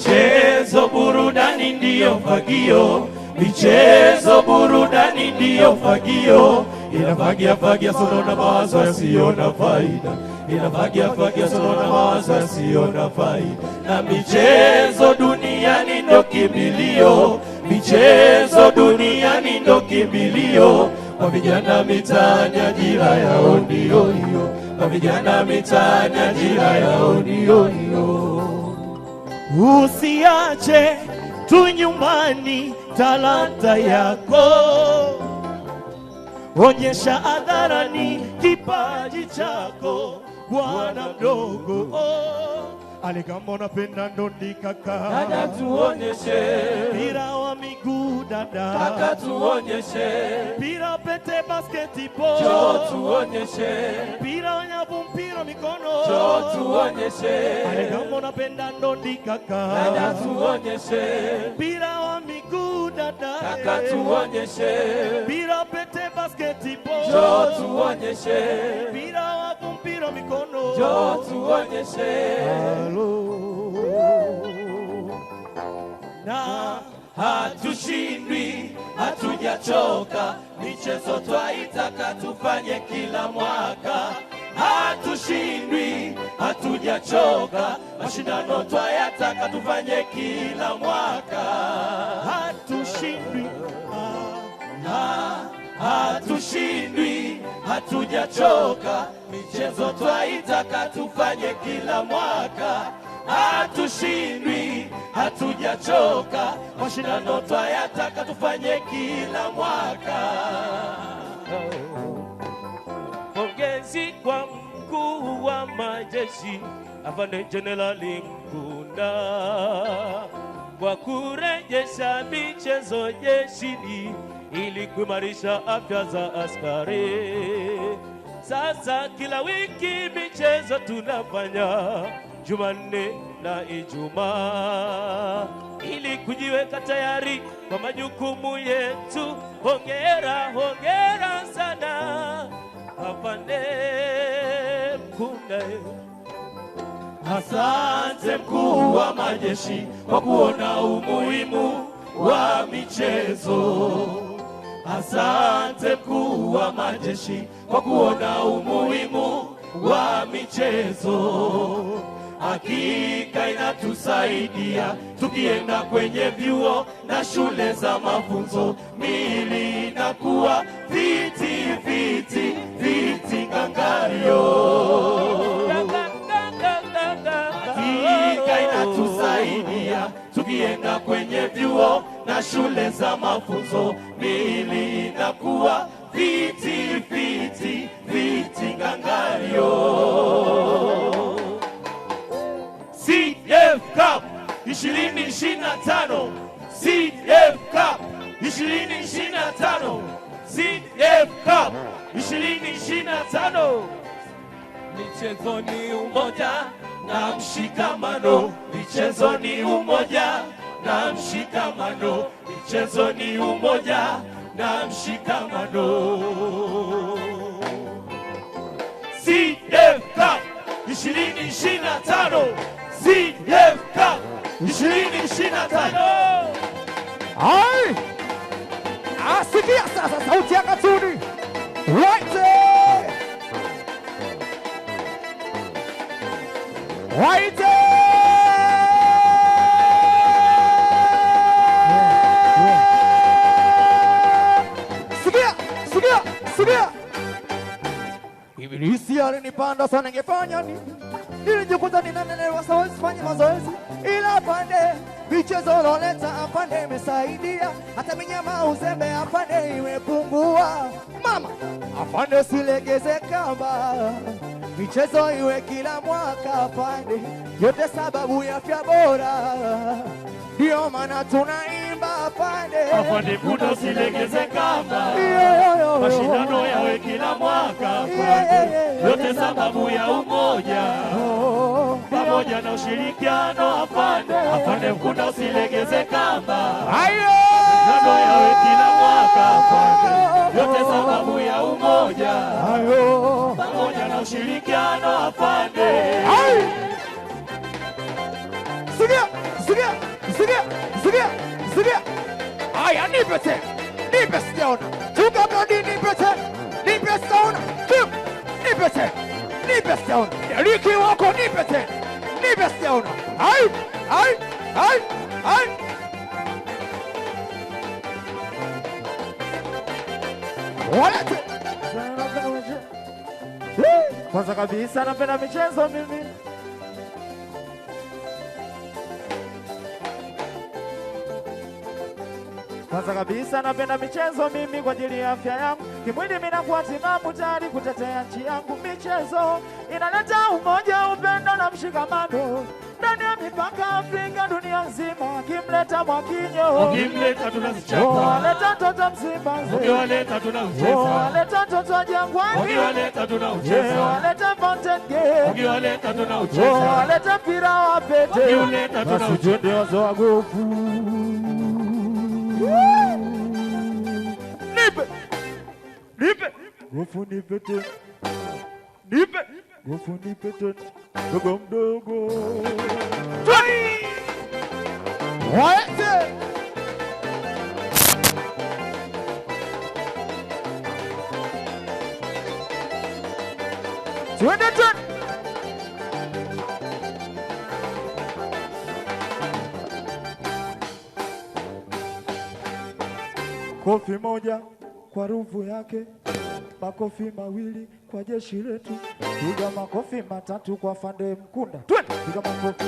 Michezo burudani ndiyo fagio, michezo burudani ndiyo fagio, inafagia fagia sono na mawazo yasiyo na faida, inafagia fagia sono na mawazo yasiyo na faida, na michezo duniani ndo kimbilio, michezo duniani ndo kimbilio kwa vijana mitaani, ajira yao ndiyo hiyo, kwa vijana mitaani, ajira yao ndiyo hiyo. Usiache tu nyumbani talanta yako, onyesha hadharani kipaji chako, bwana mdogo oh. Alikama unapenda ndondi kaka, dada tuonyeshe mpira wa miguu dada, kaka tuonyeshe mpira pete basketi ball, tuonyeshe mpira wa nyavu, mpira mikono, njoo tuonyeshe. Alikama unapenda ndondi kaka, dada tuonyeshe mpira wa miguu dada, kaka tuonyeshe mpira pete basketi ball, tuonyeshe mpira wa mikono njoo tuonyeshe na hatushindwi, hatujachoka. Michezo twaitaka tufanye kila mwaka, hatushindwi, hatujachoka. Mashindano twayataka tufanye kila mwaka, hatushindwi, hatushindwi hatujachoka, michezo twaitaka tufanye kila mwaka, hatushindwi, hatujachoka, mashindano twayataka tufanye kila mwaka. Pongezi kwa mkuu wa majeshi afande Jenerali Mkunda kwa kurejesha michezo jeshini ili kuimarisha afya za askari. Sasa kila wiki michezo tunafanya Jumanne na Ijumaa ili kujiweka tayari kwa majukumu yetu. Hongera, hongera sana Afande Mkundae. Asante mkuu wa majeshi kwa kuona umuhimu wa michezo. Asante mkuu wa majeshi kwa kuona umuhimu wa michezo. Hakika inatusaidia tukienda kwenye vyuo na shule za mafunzo, mili inakuwa viti viti viti kangario. Hakika inatusaidia tukienda kwenye vyuo na shule za mafunzo mili kuwa viti viti viti ngangario CF Cup 2025 CF Cup 2025 CF Cup 2025 michezo ni umoja na mshikamano, michezo ni umoja na mshikamano, michezo ni umoja na mshikamano. CDF ishirini ishirini na tano CDF asikia sasa sauti ya katuni waite waite alinipanda sana, ningefanya ni Nilijikuta ninanelewa, sawa fanya mazoezi, ila pande michezo loleta apande imesaidia, hata minyama uzembe apande imepungua. Mama apande silegeze kamba, michezo iwe kila mwaka apande, yote sababu ya afya bora, ndio maana tunai Afande Budo usilegeze kamba, mashindano yawe kila mwaka yote, sababu ya umoja oh, oh, oh. pamoja na ushirikiano. Afande Afande Budo usilegeze kamba, mashindano yawe kila mwaka yote, sababu ya umoja pamoja na ushirikiano. Afande Zuria Zuria Zuria Zuria Zuria Aya, nibrete, nibrete down. Two gabla di nibrete, nibrete down. Two, nibrete, nibrete Ricky wako nibrete, nibrete down. Ay, ay, ay, ay. Walete. Kwanza kabisa napenda michezo mimi. Kwanza kabisa napenda michezo mimi kwa ajili ya afya yangu kimwili, mimi kwa timamu tayari kutetea nchi yangu. Michezo inaleta umoja, upendo na mshikamano ndani ya mipaka Afrika, dunia nzima. Kimleta Mwakinyo, kimleta tunasichapa, waleta toto Msimbazi, waleta tunaucheza, waleta toto Jangwani, waleta tunaucheza, waleta Mountain Gate, waleta tunaucheza, waleta mpira wa pete, waleta tunaucheza, wasijende wazo wa gofu Nipe. Nipe. Go for nipe ten. Nipe. Go for nipe ten. Go gum do go. Twenty. What? Kofi moja kwa ruvu yake, makofi mawili kwa jeshi letu, piga makofi matatu kwa Fande Mkunda, twende piga makofi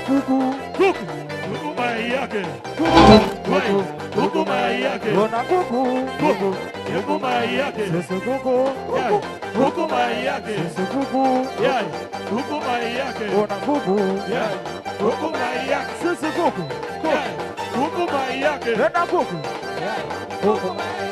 kuku kuku kuku mayai yake kuku kuku mayai ona kuku kuku kuku mayai Sese sasa kuku kuku mayai Sese sasa kuku kuku mayai ona kuku kuku mayai yake sasa kuku kuku mayai yake ona kuku kuku